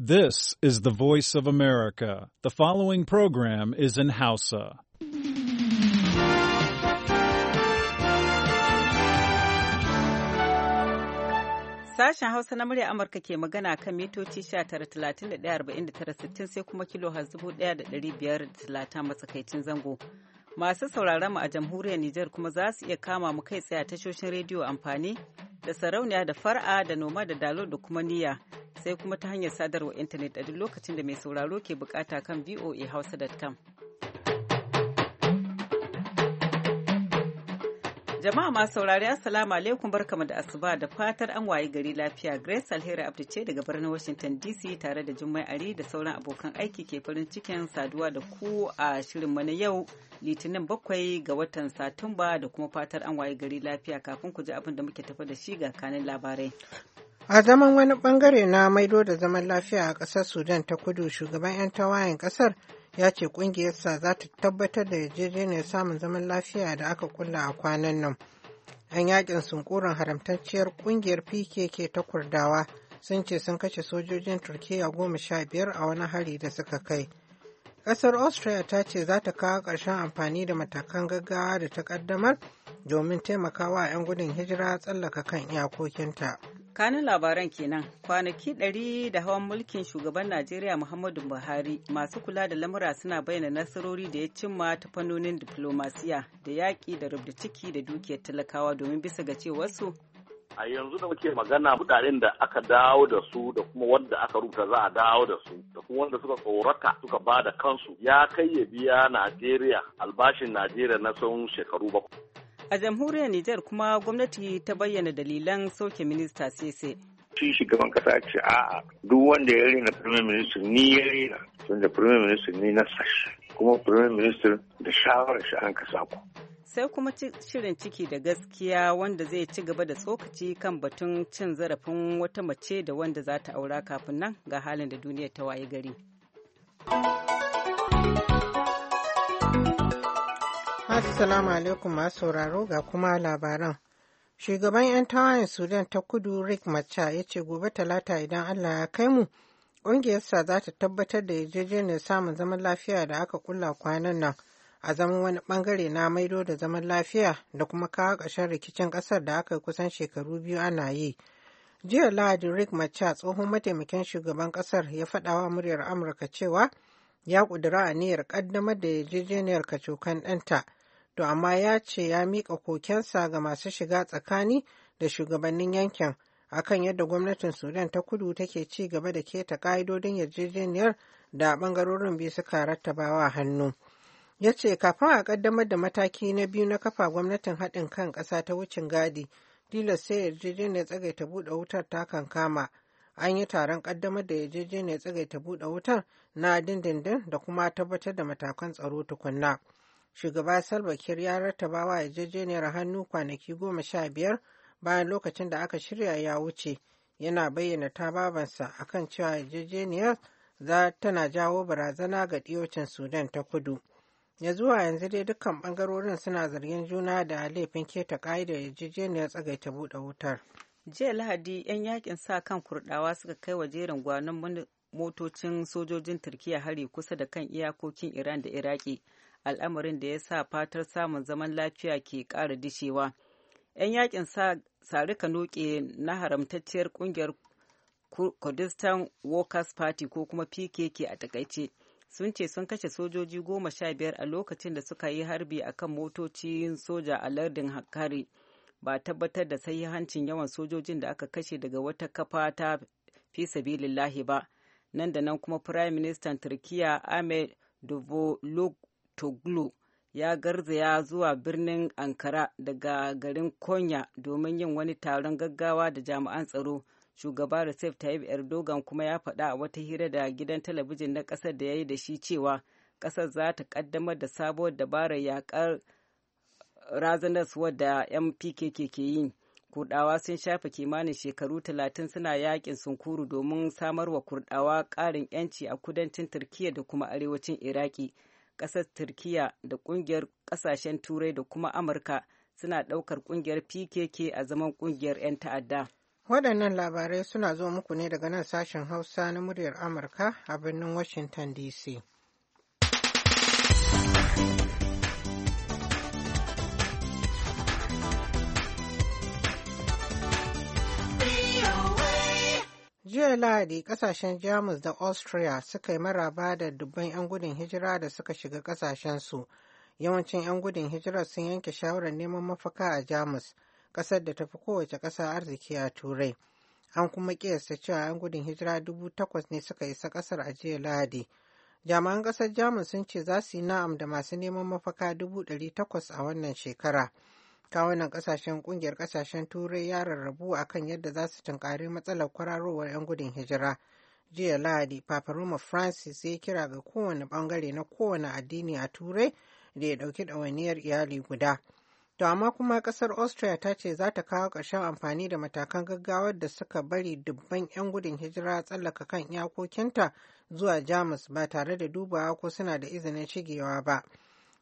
This is the voice of America. The following program is in Hausa. Sashen Hausa na murya Amurka ke magana kan mitoci 19,31,49,60 sai kuma kilo 1,530 matsakaicin zango. Masu sauraron mu a jamhuriyar Nijar kuma za su iya kama mu kai tsaye a tashoshin rediyo amfani da sarauniya da far'a da noma da dalo da kuma niyya sai kuma ta hanyar sadarwa intanet a duk lokacin da mai sauraro ke bukata kan voahausa.com. Jama'a masu saurari Assalamu alaikum barkamu da asuba da fatar an waye gari lafiya Grace Alheri Abdu ce daga birnin Washington DC tare da Jummai Ari da sauran abokan aiki ke farin cikin saduwa da ku a shirin mana yau Litinin bakwai ga watan Satumba da kuma fatar an waye gari lafiya kafin ku ji abin da muke tafi da shi ga kanin labarai. A zaman wani bangare na maido da zaman lafiya a kasar Sudan ta kudu shugaban 'yan tawayen kasar. ya ce ƙungiyarsa za ta tabbatar da yarjejeniyar samun zaman lafiya da aka kulla a kwanan nan. 'Yan yakin sunkurin haramtacciyar ƙungiyar PKK ta Kurdawa sun ce sun kashe sojojin Turkiyya goma sha biyar a wani hari da suka kai. Ƙasar Austria ta ce za ta kawo ƙarshen amfani da matakan gaggawa da ta ƙaddamar domin taimakawa 'yan gudun hijira tsallaka kan iyakokinta. kanin labaran kenan kwanaki ɗari da hawan mulkin shugaban najeriya muhammadu buhari masu kula da lamura suna bayyana nasarori da ya cimma ta fannonin diplomasiya da yaƙi da rubda ciki da dukiyar talakawa domin bisa ga cewarsu a yanzu da muke magana mutanen da aka dawo da su da kuma wanda aka rubuta za a dawo da su da kuma wanda suka tsorata suka ba da kansu ya kai ya biya najeriya albashin najeriya na tsawon shekaru bakwai A jamhuriyar Nijar kuma gwamnati ta bayyana dalilan soke minista sese. Shi shugaban kasa ce a'a duk wanda ya rena Firayim Minista ni ya rena da Firayim Minista ni na sashi kuma Firayim Minista da shawarar shi an kasa ku. Sai kuma shirin ciki da gaskiya wanda zai ci gaba da tsokaci kan batun cin zarafin wata mace da wanda za ta aura kafin nan ga halin da duniyar ta waye gari. Assalamu alaikum masu sauraro ga kuma labaran. Shugaban 'yan tawayen Sudan ta kudu Rick Macha ya ce gobe talata idan Allah ya kai mu, ƙungiyarsa za ta tabbatar da yarjejeniyar samun zaman lafiya da aka kulla kwanan nan a zaman wani bangare na maido da zaman lafiya da kuma kawo ƙarshen rikicin ƙasar da aka yi kusan shekaru biyu ana yi. Jiya Lahadi Rick Macha tsohon mataimakin shugaban ƙasar ya faɗawa muryar Amurka cewa ya ƙudura aniyar ƙaddamar da yarjejeniyar kacokan ɗanta. to amma ya ce ya mika kokensa ga masu shiga tsakani da shugabannin yankin akan yadda gwamnatin sudan ta kudu take ci gaba da keta ƙa'idodin yarjejeniyar da ɓangarorin biyu suka rattabawa hannu ya ce kafin a ƙaddamar da mataki na biyu na kafa gwamnatin haɗin kan ƙasa ta wucin gadi tilas sai yarjejeniyar tsagaita buɗe wutar ta kan kama an yi taron ƙaddamar da yarjejeniyar tsagaita buɗe wutar na dindindin da kuma tabbatar da matakan tsaro tukunna. shugaba salva kiir ya rattaba wa yarjejeniyar hannu kwanaki goma sha biyar bayan lokacin da aka shirya ya wuce yana bayyana tababansa akan cewa yarjejeniyar za tana jawo barazana ga diyocin sudan ta kudu ya zuwa yanzu dai dukkan bangarorin suna zargin juna da laifin keta ka'idar yarjejeniyar tsagaita buɗe wutar jiya lahadi 'yan yakin sa kan kurdawa suka kai wa jerin gwanon motocin sojojin turkiya hari kusa da kan iyakokin iran da iraki al'amarin da ya sa fatar samun zaman lafiya ke ƙara dishewa. 'Yan yakin ka noke na haramtacciyar ƙungiyar Kurdistan Workers Party ko kuma PKK a takaice. sun ce sun kashe sojoji goma sha biyar a lokacin da suka yi harbi a kan motocin soja a lardin hakkari ba tabbatar da hancin yawan sojojin da aka kashe daga wata kafa ta fi sabilillahi ba nan da nan kuma prime minister turkiya ahmed Toglu ya garzaya zuwa birnin Ankara daga garin Konya domin yin wani taron gaggawa da jami'an tsaro. Shugaba Recep Tayyip Erdogan kuma ya faɗa a wata hira da gidan talabijin na ƙasar da ya yi da shi cewa ƙasar za ta ƙaddamar da sabuwar dabarar yaƙar razanas wadda 'yan PKK ke yi. kurɗawa sun shafe kimanin shekaru talatin suna yaƙin sunkuru domin samarwa kurɗawa ƙarin 'yanci a kudancin Turkiyya da kuma arewacin Iraki. ƙasar turkiya da ƙungiyar ƙasashen turai da kuma amurka suna ɗaukar ƙungiyar pkk a zaman ƙungiyar 'yan ta'adda waɗannan labarai suna zo muku ne daga nan sashen hausa na muryar amurka a birnin washington dc jiya lahadi kasashen jamus da austria suka yi maraba da dubban 'yan gudun hijira da suka shiga su. yawancin 'yan gudun hijira sun yanke shawarar neman mafaka a jamus kasar da tafi kowace ƙasa arziki a turai an kuma kiyasta cewa 'yan gudun hijira dubu takwas ne suka isa ƙasar a jiya lahadi jami'an ƙasar jamus sun ce za su yi na'am da masu neman mafaka dubu ɗari takwas a wannan shekara kawunan kasashen kungiyar kasashen turai ya rarrabu akan yadda za su tunkari matsalar kwararowar 'yan gudun hijira jiya lahadi papa roma francis ya kira ga kowane bangare na kowane addini a turai da ya dauki ɗawainiyar iyali guda to amma kuma kasar austria ta ce za ta kawo ƙarshen amfani da matakan gaggawar da suka bari dubban 'yan gudun hijira tsallaka kan iyakokinta zuwa jamus ba tare da dubawa ko suna da izinin shigewa ba.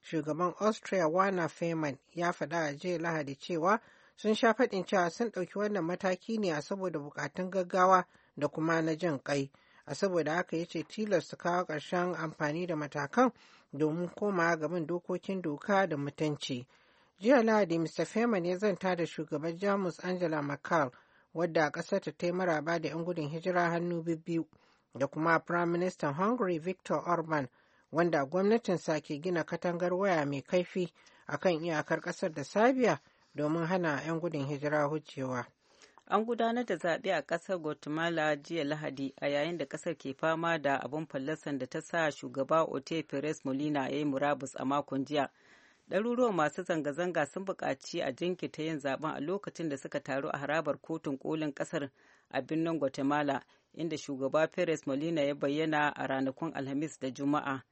shugaban austria wana feman ya faɗa a jiya lahadi cewa sun sha faɗin cewa sun ɗauki wannan mataki ne a saboda buƙatun gaggawa da kuma na jin ƙai a saboda haka ya ce tilas su kawo ƙarshen amfani da matakan domin koma gaban dokokin doka da mutunci jiya lahadi mr feman ya zanta da shugaban jamus angela merkel wadda a ƙasar ta ta maraba da 'yan gudun hijira hannu biyu da kuma prime minister hungary victor orban wanda gwamnatinsa ke gina katangar waya mai kaifi a kan iyakar ƙasar da sabiya domin hana 'yan gudun hijira hucewa. An gudanar da zaɓe a ƙasar Guatemala jiya Lahadi a yayin da ƙasar ke fama da abun fallasan da ta sa shugaba Ote Perez Molina ya yi murabus a makon jiya. ɗaruruwan masu zanga-zanga sun buƙaci a jinkita yin zaɓen a lokacin da suka taru a harabar kotun kolin ƙasar a birnin guatemala inda shugaba perez molina ya bayyana a ranakun alhamis da juma'a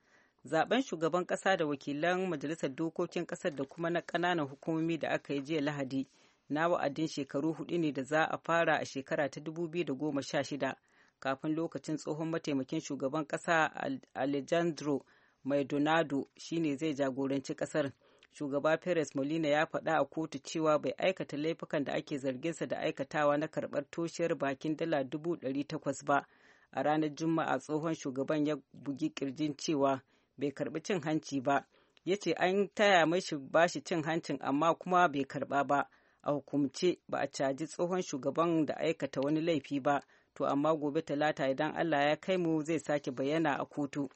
zaben shugaban kasa da wakilan majalisar dokokin kasar da kuma na kananan hukumomi da aka yi jiya lahadi na wa'adin shekaru hudu ne da za a fara a shekara ta 2016 kafin lokacin tsohon mataimakin shugaban kasa alejandro maldonado shine zai jagoranci kasar shugaba perez molina ya faɗa a kotu cewa bai aikata laifukan da ake zarginsa da aikatawa na karɓar toshiyar bakin dala dubu ɗari takwas ba a ranar juma'a tsohon shugaban ya bugi kirjin cewa bai karbi cin hanci ba ya ce an taya mashi bashi cin hancin amma kuma bai karba ba a hukumce ba a caji tsohon shugaban da aikata wani laifi ba to amma gobe talata idan allah ya kai mu zai sake bayyana a kotu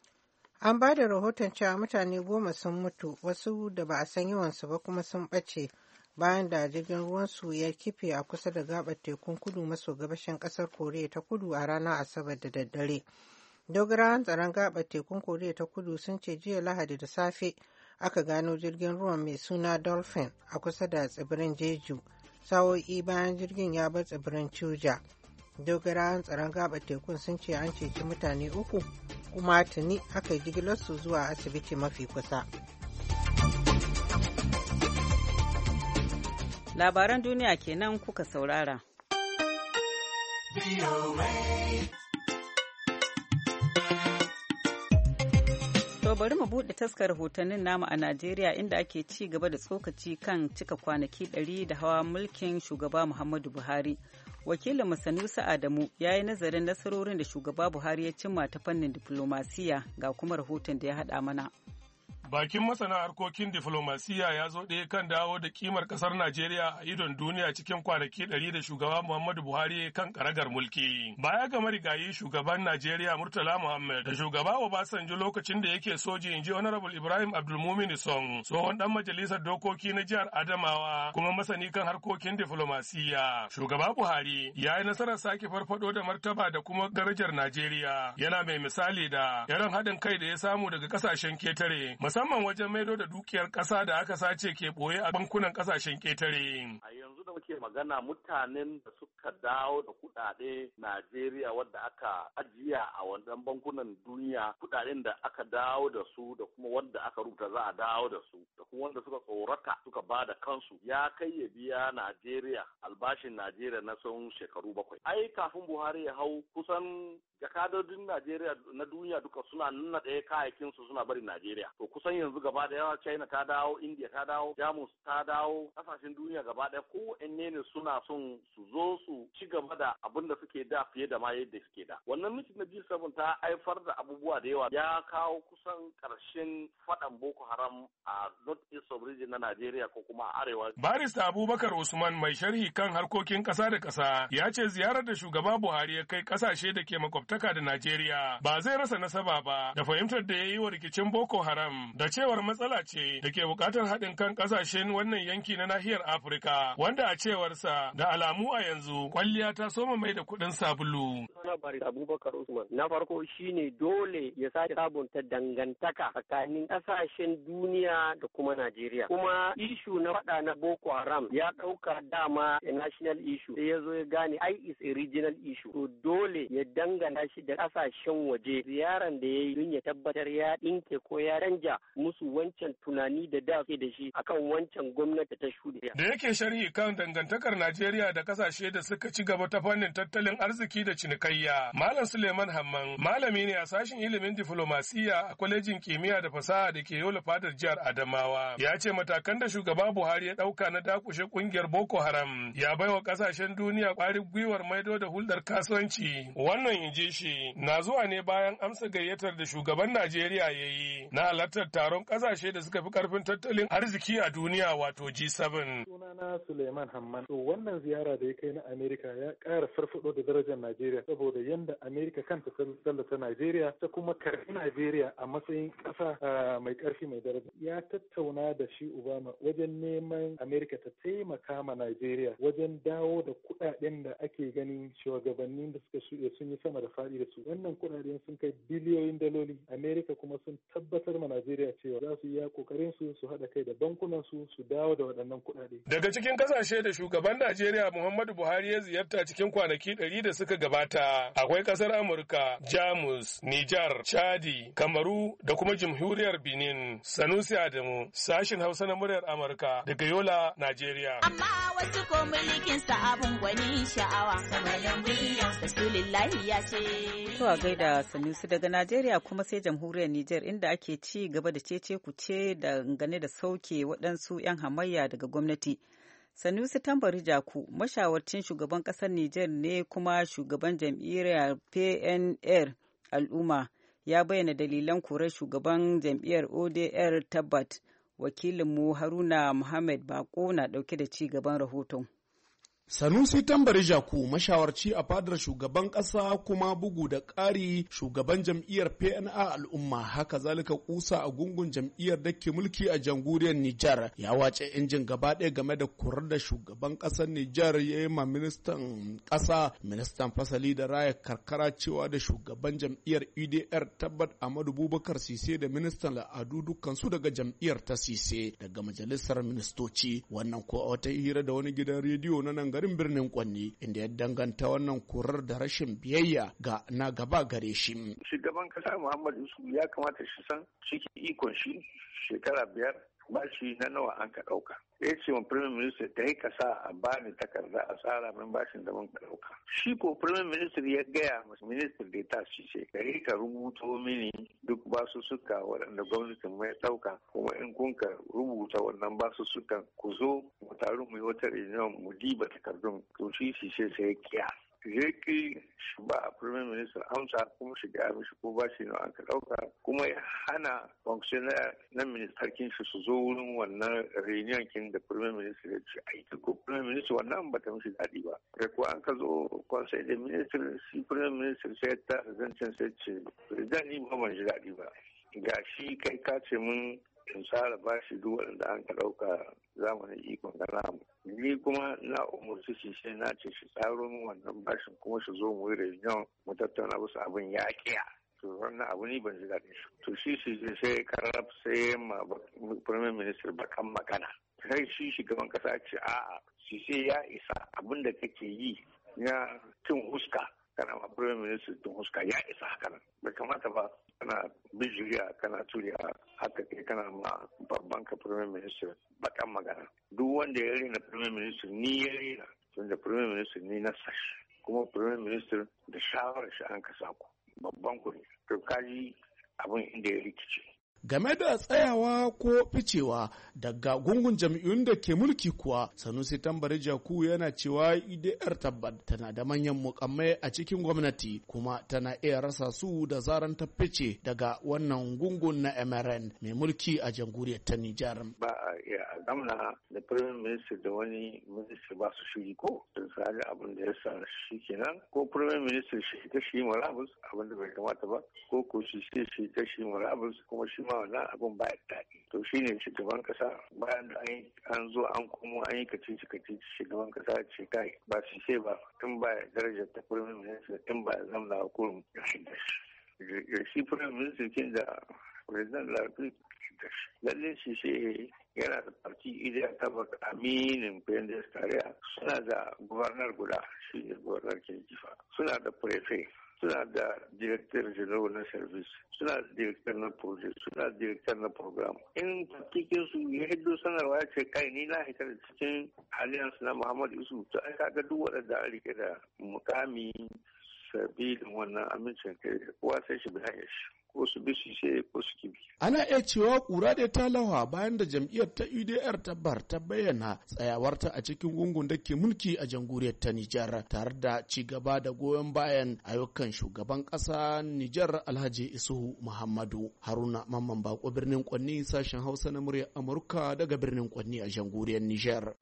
an ba da rahoton cewa mutane goma sun mutu wasu da ba a san yawansu ba kuma sun ɓace bayan da jirgin su ya kife a kusa da gabar tekun kudu maso gabashin kasar koriya ta kudu a ranar asabar da daddare dogarawan tsaron gaba tekun koriya ta kudu sun ce jiya lahadi da safe aka gano jirgin ruwan mai suna dolphin a kusa da tsibirin jeju sa'o'i bayan jirgin ya bar tsibirin chuja dogarawan tsaron gaba tekun sun ce an ceci mutane uku kuma tuni aka yi su zuwa asibiti mafi kusa labaran duniya kenan kuka saurara. To bari mu buɗe taskar rahotannin namu a Najeriya inda ake ci gaba da tsokaci kan cika kwanaki 100 da hawa mulkin shugaba Muhammadu Buhari. Wakilin Sanusi Adamu ya yi nazarin nasarorin da shugaba Buhari ya cimma ta fannin diplomasiya ga kuma rahoton da ya haɗa mana. Bakin masana harkokin diflomasiya ya zo ɗaya kan dawo da kimar ƙasar Najeriya a idon duniya cikin kwanaki ɗari da shugaba Muhammadu Buhari kan karagar mulki. Baya ga marigayi shugaban Najeriya Murtala Muhammad da shugaba Obasanjo lokacin da yake soji inji Honorable Ibrahim Abdulmumin Song, tsohon ɗan majalisar dokoki na jihar Adamawa kuma masani kan harkokin diflomasiya. Shugaba Buhari ya yi nasarar sake farfaɗo da martaba da kuma darajar Najeriya. Yana mai misali da irin haɗin kai da ya samu daga ƙasashen ketare musamman wajen maido da dukiyar ƙasa da aka sace ke ɓoye a bankunan ƙasashen ƙetare. A yanzu da muke magana mutanen da suka dawo da kuɗaɗe Najeriya wadda aka ajiya a wannan bankunan duniya kuɗaɗen da aka dawo da su da kuma wanda aka rubuta za a dawo da su da kuma wanda suka tsorata suka ba da kansu ya kai ya biya Najeriya albashin Najeriya na tsawon shekaru bakwai. Ai kafin Buhari ya hau kusan jakadodin Najeriya na duniya duka suna nuna ɗaya kayakin su suna bari Najeriya. To san yanzu gaba da yawa china ta dawo india ta dawo jamus ta dawo kasashen duniya gaba daya ko ne ne suna son su zo su ci gaba da abin da suke da fiye da ma yadda suke da wannan mitin na g7 ta haifar da abubuwa da yawa ya kawo kusan karshen fadan boko haram a north east of region na nigeria ko kuma arewa barista abubakar usman mai sharhi kan harkokin kasa da kasa ya ce ziyarar da shugaba buhari ya kai kasashe da ke makwabtaka da najeriya ba zai rasa nasaba ba da fahimtar da ya yi wa rikicin boko haram da cewar matsala ce da ke bukatar haɗin kan ƙasashen wannan yanki na nahiyar Afirka wanda a cewarsa da alamu a yanzu kwalliya ta soma mai da kuɗin sabulu. Abubakar Usman na farko shine dole ya sake sabunta dangantaka tsakanin ƙasashen duniya da kuma Najeriya. Kuma ishu na faɗa na Boko Haram ya ɗauka dama a national issue sai ya zo ya gane ai is a regional issue. To dole ya danganta shi da ƙasashen waje ziyaran da ya yi ya tabbatar ya ɗinke ko ya canja musu wancan tunani da da ke da shi akan wancan gwamnati ta shuɗe. Da yake sharhi kan dangantakar Najeriya da kasashe da suka ci gaba ta fannin tattalin arziki da cinikayya. Malam Suleiman Hamman malami ne a sashen ilimin diflomasiya a kwalejin kimiyya da fasaha da ke yola fadar jihar Adamawa. Ya ce matakan da shugaba Buhari ya ɗauka na dakushe ƙungiyar Boko Haram ya baiwa ƙasashen duniya ƙwari gwiwar maido da hulɗar kasuwanci. Wannan in ji shi na zuwa ne bayan amsa gayyatar da shugaban Najeriya ya yi na halartar taron ƙasashe da suka fi ƙarfin tattalin arziki a duniya wato G7. Sunana Suleiman Hamman. To wannan ziyara da ya kai na Amerika ya ƙara farfaɗo da darajar Najeriya saboda yanda Amerika kanta ta tallata Najeriya ta kuma karɓi Najeriya a matsayin ƙasa mai ƙarfi mai daraja. Ya tattauna da shi Obama wajen neman Amerika ta taimaka ma Najeriya wajen dawo da kuɗaɗen da ake ganin shugabannin da suka shuɗe sun yi sama da faɗi da su. Wannan kuɗaɗen sun kai biliyoyin daloli. Amerika kuma sun tabbatar ma Najeriya najeriya cewa za su iya kokarin su su haɗa kai da bankunan su su dawo da waɗannan kuɗaɗe daga cikin ƙasashe da shugaban najeriya muhammadu buhari ya ziyarta cikin kwanaki ɗari da suka gabata akwai ƙasar amurka jamus nijar chadi kamaru da kuma jamhuriyar benin sanusi adamu sashin hausa na muryar amurka daga yola najeriya amma wasu ko mulkin sa abun gwani sha'awa samayin rasulillahi ya ce to a gaida sanusi daga najeriya kuma sai jamhuriyar nijar inda ake ci gaba da da cece kuce dangane da sauke waɗansu 'yan hamayya daga gwamnati. Sanusi Tambari Jaku mashawarcin shugaban ƙasar Nijar ne kuma shugaban jam'iyyar PNR al'umma ya bayyana dalilan korar shugaban jam'iyyar ODR Tabbat wakilinmu Haruna Muhammad Bako na ɗauke da ci gaban rahoton. Sanusi tambari Jaku mashawarci a fadar shugaban ƙasa kuma bugu da ƙari shugaban jam'iyyar PNA al'umma haka zalika kusa a gungun jam'iyyar da ke mulki a jamhuriyar Nijar ya wace injin gaba ɗaya game da kurar da shugaban ƙasar Nijar ya yi ma ministan ƙasa ministan fasali da raya karkara cewa da shugaban jam'iyyar EDR tabbat Ahmadu Bubakar Sise da ministan al'adu dukkansu daga jam'iyyar ta Sise daga majalisar ministoci wannan ko a wata hira da wani gidan rediyo na nan garin birnin Kwanni inda ya danganta wannan kurar da rashin biyayya ga na gaba gare shi. Shugaban kasa Muhammadu Yusuf ya kamata shi san ciki ikon shi shekara biyar bashi na nawa an ka ɗauka. ya ce wa firayim minista ta yi kasa a bani takarda a tsara min bashin da mun ɗauka. Shi ko firayim minista ya gaya masa minista da ta shi ce ka yi ka rubuto mini duk basussuka waɗanda gwamnatin mai ɗauka kuma in kun ka rubuta wannan basussukan ku zo mu taru mu yi wata rijiyar mu diba takardun to shi shi sai sai kiya. ya ki shi ba a Prime minista amsa kuma shiga mishi ko ba shi ne an ka ɗauka kuma ya hana functionary na ministarkin shi su zo wurin wannan reunion kin da Prime minista ya ce aiki ko Prime minista wannan ba ta mishi daɗi ba. Da ko an ka zo Conseil da Ministres shi Prime minista sai ta zancen sai ce President ni ba ban ji daɗi ba. Ga shi kai ka ce mun in tsara bashi duk waɗanda an ka ɗauka zamanin ikon namu ni kuma na umarci shi sai na ce shi tsaro min wannan bashin kuma shi zo mu yi reunion mu tattauna wasu abin ya kiya to wannan abu ni ban ji daɗin shi to shi shi sai karab sai ma prime minister bakan magana sai shi shugaban kasa ce a'a shi sai ya isa abin da kake yi na cin huska kana ma prime minister tun huska ya isa haka nan bai kamata ba kana bijiriya kana turiya haka ke kana ma babban ka firayim minista bakan magana duk wanda ya rena firayim minista ni ya rena tun da firayim minista ni na sashi kuma firayim minista da shawarar shi an kasa ku babban ku ne to kaji abin inda ya rikice game da tsayawa ko ficewa daga gungun jam'iyyun da ke mulki kuwa sanusi tambari jaku yana cewa idr tabbat tana da manyan mukammai a cikin gwamnati kuma tana iya rasa su da zaran ta fice daga wannan gungun na mrn mai mulki a jamhuriyar ta nijar ba a iya da firin minista da wani minista ba su ko don abin da shi kenan ko firin minista shi ta shi da bai kamata ba ko ko shi shi ta shi marabus kuma shi wannan abun ba daɗi to shi ne shugaban kasa bayan da an zo an komo an yi kacici kacici shugaban kasa ce kai ba su ce ba tun ba darajar ta firmin minista tun ba a hukurum da shi da shi shi firmin minista kin da president lafi da shi lalle shi shi yana da farki idan ta baka aminin pendes tare suna da gubernar guda shi ne gubernar ke suna da prefe suna da director general na service suna da na project suna da na program in cikin su ya hiddo sanarwa ya ce kai ni na hita da cikin alliance na muhammad isu to ai kaga duk waɗanda an rike da mukami sabilin wannan amincin kai kowa sai shi bayan shi ko su ce ko su kibi. Ana iya cewa kura da ta lawa bayan da jam'iyyar ta UDR e ta bar ta bayyana tsayawarta a cikin gungun da ke mulki a jamhuriyar ta Nijar tare da ci gaba da goyon bayan ayyukan shugaban ƙasa Nijar Alhaji Isuhu Muhammadu Haruna Mamman Bako birnin Kwanni sashen Hausa na muryar Amurka daga birnin Kwanni a jamhuriyar Nijar.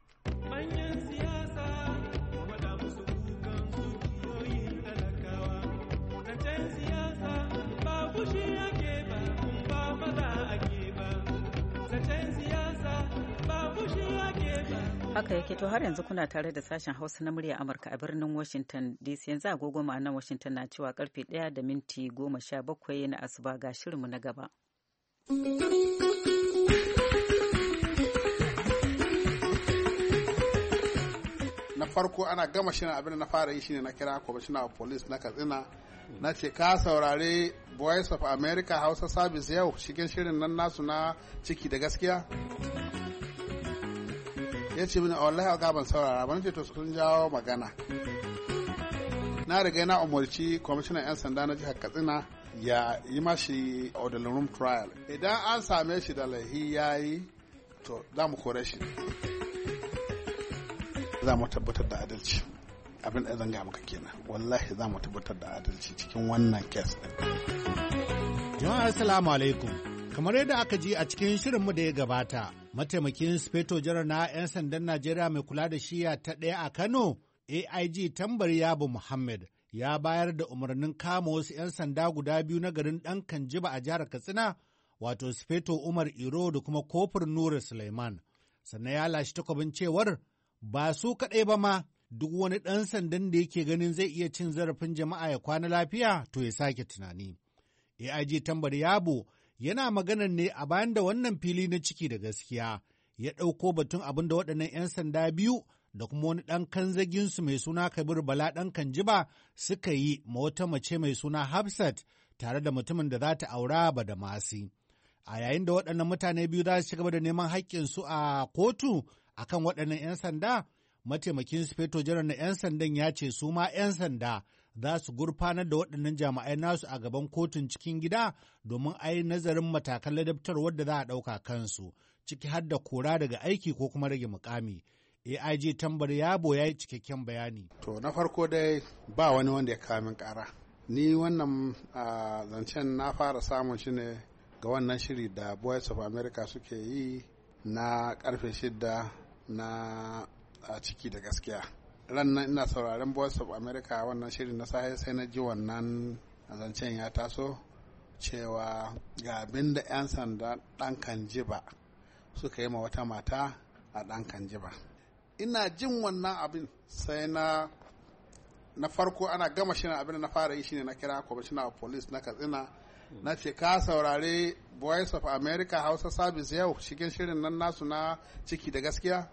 Haka yake to har yanzu kuna tare da sashen Hausa na murya Amurka a birnin Washington DC yanzu agogo ma'anar Washington na cewa karfe 1 da minti 17 na asuba ga shirinmu na gaba. na farko ana gama shirin abin da na fara yi shine na kira commissioner of police na katsina na ce ka saurare voice of america hausa service yau cikin shirin nan nasu na ciki da gaskiya ya ce mini a wallahi a ban saurara ba ce to sun jawo magana na riga na umarci kwamishinan 'yan sanda na jihar katsina ya yi mashi odalin room trial idan an same shi da laihi ya yi to za mu kore shi za mu tabbatar da adalci abin da zanga maka kenan wallahi za mu tabbatar da adalci cikin wannan kes din jama'a assalamu alaikum Kamar yadda aka ji a cikin shirinmu da ya gabata, mataimakin Sufeto Jarar na 'yan sandan Najeriya mai kula da shiya ta ɗaya a Kano, AIG tambari Yabo Muhammad, ya bayar da umarnin kama wasu 'yan sanda guda biyu na garin ɗan Kanjiba a jihar Katsina, wato Sufeto Umar Iro da kuma Kofur Nura Suleiman. Sannan ya lashe takwabin cewar ba su kaɗai ba ma duk wani ɗan sandan da yake ganin zai iya cin zarafin jama'a ya kwana lafiya to ya sake tunani. AIG tambari Yabo yana maganar ne a bayan da wannan fili na ciki da gaskiya ya ɗauko batun abin da waɗannan 'yan sanda biyu da kuma wani ɗan kanzaginsu mai suna kabir bala ɗan kanjiba suka yi ma wata mace mai suna hafsat tare da mutumin da za ta aura ba da masi a yayin da waɗannan mutane biyu za su ci gaba da neman haƙƙinsu a kotu akan waɗannan 'yan sanda mataimakin sufeto janar na 'yan sandan ya ce su ma 'yan sanda za su gurfanar da waɗannan jama'ai nasu a gaban kotun cikin gida domin a yi nazarin matakan ladabtar wadda za a ɗauka kansu ciki har da kora daga aiki ko kuma rage mukami. aij tambar yabo ya yi cikakken bayani. To na farko dai ba wani wanda ya kawo min kara. Ni wannan zancen na fara samun shi ne ga wannan shiri da boys of America suke yi na karfe shida na a ciki da gaskiya. rannan ina sauraren voice of america wannan shirin na sahi sai na ji wannan zancen ya taso cewa ga abin da 'yan sanda dan kan ba suka yi ma wata mata a dan kan ba. ina jin wannan abin sai na na farko ana gama shirin abin na fara yi shine na kira commissioner a police na katsina na ce ka saurare voice of america hausa service yau cikin shirin nan nasu na ciki da gaskiya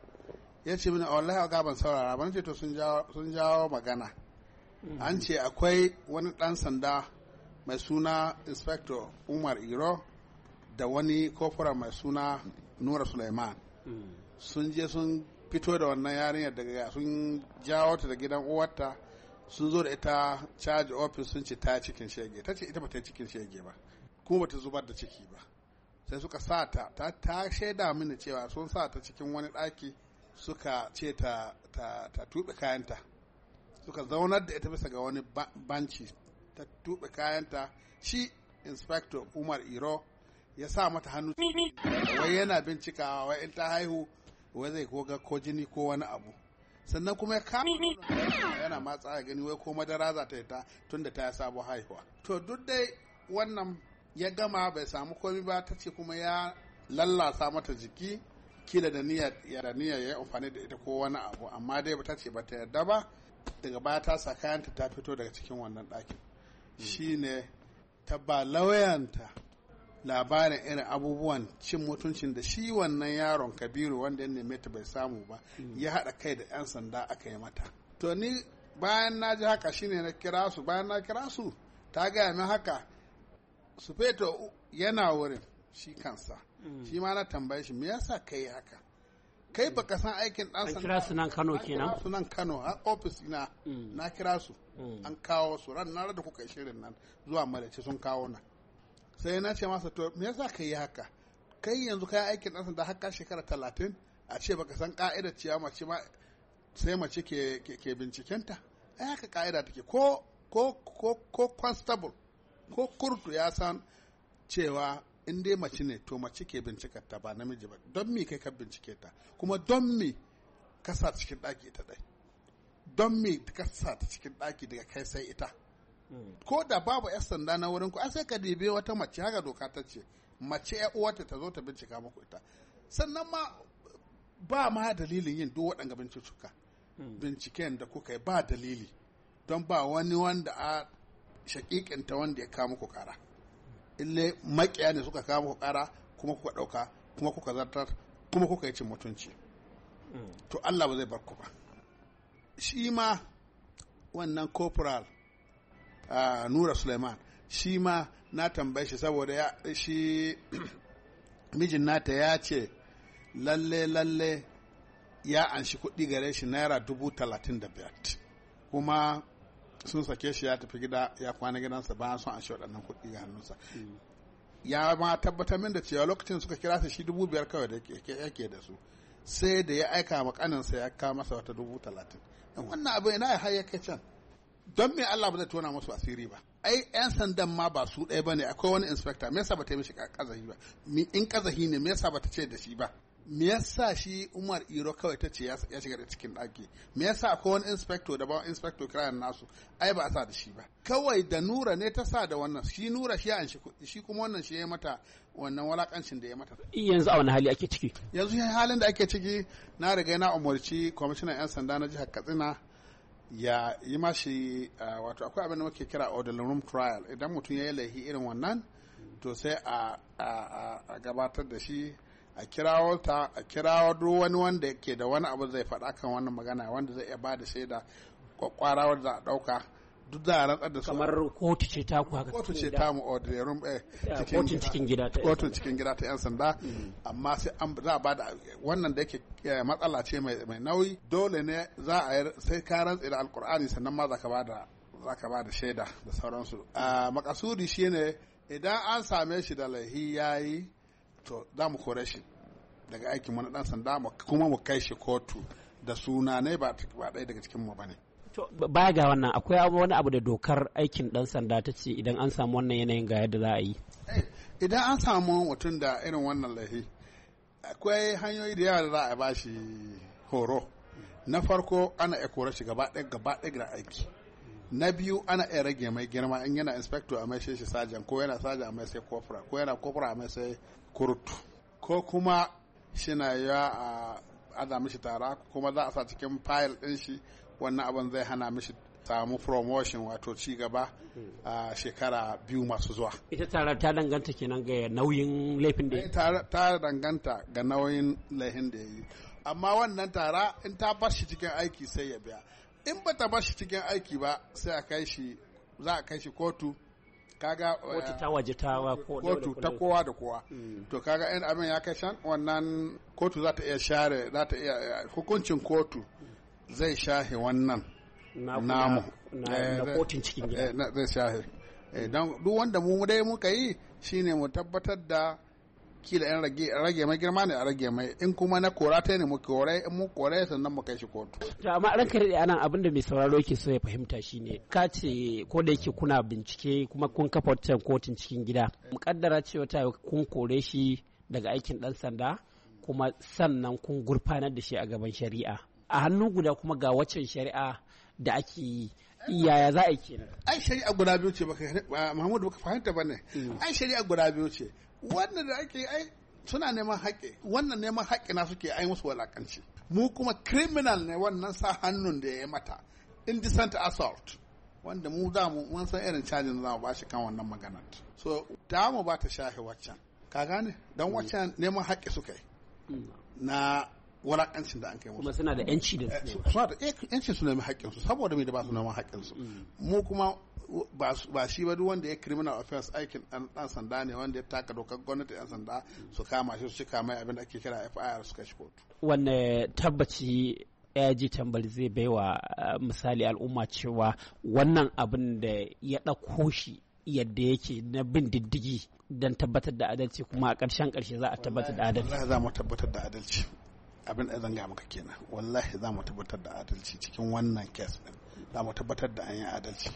ya ce mini wallahi ga ban saurara ban ce to sun jawo magana an ce akwai wani dan sanda mai suna inspector umar iro da wani kofura mai suna nura suleiman sun je sun fito da wannan yarinyar daga sun jawo ta da gidan uwarta sun zo da ita charge office sun ce ta cikin shege ta ce ita bata cikin shege ba kuma bata zubar da ciki ba sai suka sa ta ta shaida mini cewa sun sa ta cikin wani daki. suka ce ta, ta, tuɓe kayanta suka zaunar da ita bisa ga wani banci ta tuɓe kayanta shi inspector umar iro ya sa mata hannu wai yana bincikawa wai in ta haihu wai zai koga ko jini ko wani abu sannan kuma ya kama yana matsa ya gani wai ko madara za ta yi ta tun da ta ya sabo haihuwa to duk dai wannan ya gama bai samu komi ba ta ce kuma ya lallasa mata jiki kila da niyya ya yi ya amfani da ita ko wani abu amma dai bata ce ta yarda ba daga baya ta sa kayanta ta fito daga cikin wannan ɗakin hmm. shine ta ba lauyanta labarin irin abubuwan cin mutuncin da shi wannan yaron kabiru wanda ya neme ta bai samu ba hmm. ya haɗa kai da 'yan sanda aka yi mata to ni bayan na ji haka shine na kira su bayan na kira su ta gaya min haka su feto yana wurin shi kansa mm. shi ma na tambaye shi me yasa kai haka kai mm. baka san aikin dan san kira su nan Kano kenan kira su nan Kano a office ina mm. na kira su an kawo su ran na da kuka shirin nan zuwa malace sun kawo na sai na ce masa to me yasa kai haka kai yanzu kai aikin dan da har ka shekara talatin a ce baka san ka'idar ciya mace ma sai mace ke ke bincikenta ai haka ka'ida take ko ko ko ko constable ko kurtu ya san cewa in dai mace ne to mace ke bincikar ta ba namiji ba don me kai ka bincike ta kuma don me ka sa cikin ɗaki ita dai don me ka sa ta cikin ɗaki daga kai sai ita hmm. ko da babu 'yan sanda na wurin ku ai sai ka dibe wata mace haka doka ta ce mace 'yan uwarta ta zo ta bincika muku ita sannan ma ba ma dalilin yin duk waɗanga bincikuka hmm. binciken da kuka yi ba dalili don ba wani wanda a shaƙiƙinta wanda ya kawo muku kara ille makiya ne suka kama kara kuma kuka dauka kuma kuka zartar kuma kuka yi cin mutunci mm. to Allah ba zai bar ku ba shi ma wannan corporal nura suleiman shi ma na tambaye shi saboda ya shi mijin nata ya ce lalle lalle ya anshi kuɗi gare shi naira dubu talatin da biyar kuma sun sake shi ya tafi gida ya kwana gidansa ba son a shi waɗannan kuɗi ga hannunsa hmm. ya ma tabbatar min da cewa lokacin suka kira su shi dubu biyar kawai da yake da su sai da ya aika ma kaninsa ya kawo masa wata dubu talatin wannan abin ina ya ya kai can don me Allah ba zai tona musu asiri ba ai yan sandan ma ba su ɗaya ba ne akwai wani inspector me yasa ba ta yi mishi kazahi ba in kazahi ne me yasa ba ta ce da shi ba me yasa shi Umar Iro kawai ta ce ya shiga da cikin ɗaki me yasa akwai wani inspector da ba inspector kiran nasu ai ba a sa da shi ba kawai da Nura ne ta sa da wannan shi Nura shi an shi kuma wannan shi ya mata wannan walakancin da ya mata yanzu a wani hali ake ciki yanzu shi halin da ake ciki na riga na umarci kwamishinan yan sanda na jihar Katsina ya yi mashi wato akwai abin da muke kira order room trial idan mutum ya yi laifi irin wannan to sai a gabatar da shi a kirawo ta a kirawo duk wani wanda ke da wani abu zai faɗa kan wannan magana wanda zai iya ba da shaida kwakwara wanda za a ɗauka duk da rantsar da su kamar kotu ce ta ku haka kotu ce ta mu ordinary eh kotun cikin gida ta kotun cikin gida ta yan sanda mm. amma sai an za a da wannan da yake eh, matsala ce mai nauyi dole ne za a sai ka rantsi da alkur'ani sannan ma za ka ba da za ka ba da shaida da sauransu a ah, makasudi shine idan an same shi da laihi yayi to za mu kore shi daga aikin wani dan sanda kuma mu kai shi kotu da suna ne ba dai daga cikin mu bane to baya ga wannan akwai wani abu da dokar aikin dan sanda ta ce idan an samu wannan yanayin ga yadda za a yi eh, idan an samu mutum da irin wannan laifi akwai hanyoyi da yawa da za a ba shi horo na farko ana iya kore shi gaba ɗaya gaba ɗaya da aiki na biyu ana iya rage mai girma in yana inspector a mai shi sajan ko yana sajan a mai sai kofra ko yana kofra a mai sai kurtu ko kuma shina ya a aza mishi tara kuma za a sa cikin fayil ɗin shi wannan abin zai hana mishi samu promotion wato ci gaba a shekara biyu masu zuwa. Ita tara ta danganta kenan ga nauyin laifin da yi? Ta danganta ga nauyin laifin da yi. Amma wannan tara in ta bar shi cikin aiki sai ya biya. In bata ta bar shi cikin aiki ba sai a kai shi za a kai shi kotu kaga eh, kotu ta waje ta wa kotu ta kowa da kowa hmm. to kaga in abin ya kai shan wannan kotu za ta iya share za ta iya eh, hukuncin kotu zai shahe wannan namu na eh, kotun cikin gida zai shahe don duk wanda mu dai muka yi shine mu tabbatar da kila yan rage mai girma ne a rage mai in kuma na kora ta ne mu kore mu kore sannan mu kai shi kotu to amma ranka da anan abin da mai sauraro yake so ya fahimta shine ka ce ko da yake kuna bincike kuma kun kafa wata kotun cikin gida mukaddara cewa ta kun kore shi daga aikin dan sanda kuma sannan kun gurfanar da shi a gaban shari'a a hannu guda kuma ga waccan shari'a da ake yi yaya za a yi kenan ai shari'a guda biyu ce baka Muhammadu baka fahimta bane mm. ai shari'a guda biyu ce wannan da ake ai suna neman haƙƙi wannan neman haƙƙi na suke ai musu walakanci mu kuma criminal ne wannan sa hannun da ya yi mata indecent assault wanda mu za mu mun san irin cajin za mu bashi kan wannan magana so da mu ba ta shahi waccan ka gane don mm. waccan neman haƙƙi suka yi mm. na walaƙancin da an kai musu kuma suna da yanci da eh, suna da yanci su nemi haƙƙin su saboda me da ba su nemi haƙƙin su mm. mu kuma ba shi ba duk wanda ya criminal affairs aikin dan sanda ne wanda ya taka dokar gwamnati yan sanda mm. su kama shi su cika mai abin da ake kira FIR su kashi kotu wanne tabbaci yaji tambali zai baiwa eh, misali al'umma cewa wannan abin da ya ɗauko shi yadda yake na bin diddigi don tabbatar da adalci kuma a ƙarshen ƙarshe za a tabbatar da adalci. Za mu tabbatar da adalci. abin da zanga maka kenan wallahi za mu tabbatar da adalci cikin wannan kes din za mu tabbatar da an adalci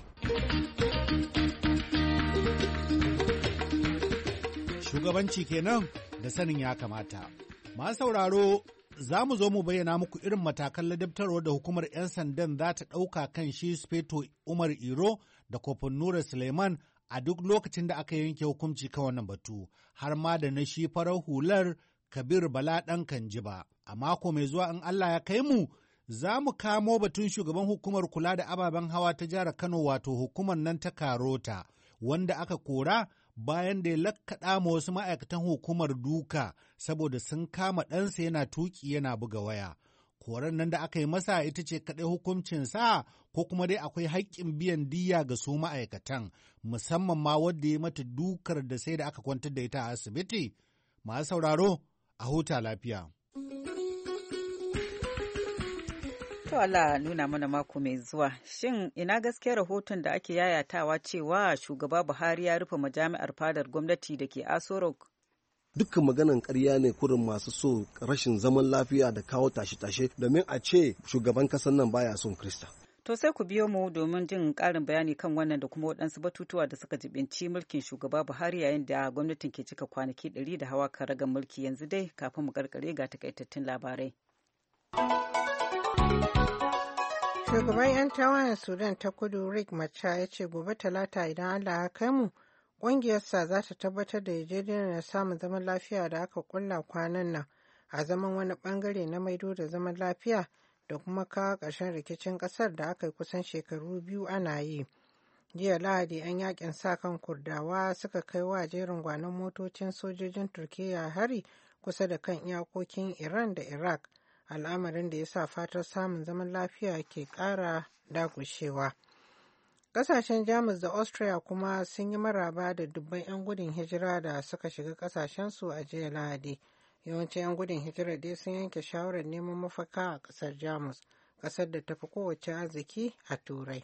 shugabanci kenan da sanin ya kamata ma sauraro za mu zo mu bayyana muku irin matakan ladabtarwa da hukumar 'yan sandan za ta ɗauka kan shi speto umar iro da kofin nura suleiman a duk lokacin da aka yanke hukunci kan wannan batu har ma da na shi farar hular kabir bala ɗan kanji ba A mako mai zuwa in Allah ya kai mu, za mu kamo batun shugaban hukumar kula da ababen hawa ta jihar Kano wato hukumar nan ta Karota, wanda aka kora bayan da ya lakkaɗa ma wasu ma'aikatan hukumar duka saboda sun kama ɗansa yana tuki yana buga waya. Koran nan da aka yi masa ita ce kaɗai sa? ko kuma dai akwai haƙƙin biyan diya ga su ma'aikatan musamman ma wadda ya mata dukar da sai da aka kwantar da ita a asibiti. Masu sauraro, a huta lafiya. To Allah nuna mana mako mai zuwa. Shin ina gaskiyar rahoton da ake yayatawa cewa shugaba Buhari ya rufe majami'ar fadar gwamnati da ke Aso dukkan maganan karya ne kurin masu so rashin zaman lafiya da kawo tashe-tashe domin a ce shugaban kasan nan baya son kirista. To sai ku biyo mu domin jin ƙarin bayani kan wannan da kuma waɗansu batutuwa da suka jibinci mulkin shugaba Buhari yayin da gwamnatin ke cika kwanaki ɗari da hawa karagar mulki yanzu dai kafin mu karkare ga takaitattun labarai. Shugaban 'yan tawayen Sudan ta kudu Rick Macha ya ce gobe talata idan Allah ya kai mu ƙungiyarsa za ta tabbatar da yarjejeniyar samun zaman lafiya da aka kulla kwanan nan a zaman wani bangare na maido da zaman lafiya da kuma kawo ƙarshen rikicin ƙasar da aka yi kusan shekaru biyu ana yi. Jiya Lahadi an yakin sa kan Kurdawa suka kai wa jerin gwanon motocin sojojin Turkiyya hari kusa da kan iyakokin Iran da Iraq, al'amarin da ya sa fatar samun zaman lafiya ke ƙara dagushewa. Ƙasashen Jamus da Austria kuma sun yi maraba da dubban 'yan gudun hijira da suka shiga ƙasashensu a jiya Lahadi. yawancin 'yan gudun hijira dai sun yanke shawarar neman mafaka a kasar jamus kasar da tafi kowace arziki a turai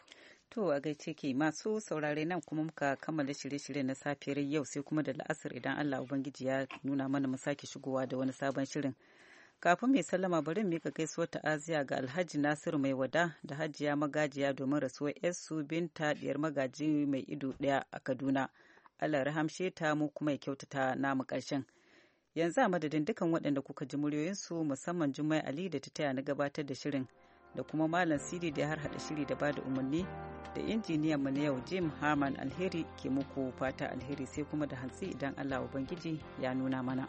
to a gaice ke masu saurare nan kuma muka kammala shirye-shirye na safiyar yau sai kuma da la'asar idan allah ubangiji ya nuna mana mu sake shigowa da wani sabon shirin kafin mai sallama bari mika gaisuwar ta'aziya ga alhaji nasiru mai wada da hajiya magajiya domin rasuwar yasu binta diyar magaji mai ido daya a kaduna allah rahamshe ta mu kuma ya kyautata namu ƙarshen yanzu a madadin dukan waɗanda kuka ji muryoyinsu musamman jumai ali da ta taya na gabatar da shirin da kuma malam sidi da ya har hada shiri da bada umarni da injiniyan mu na yau jim harman alheri ke muku fata alheri sai kuma da hantsi idan allah ubangiji ya nuna mana.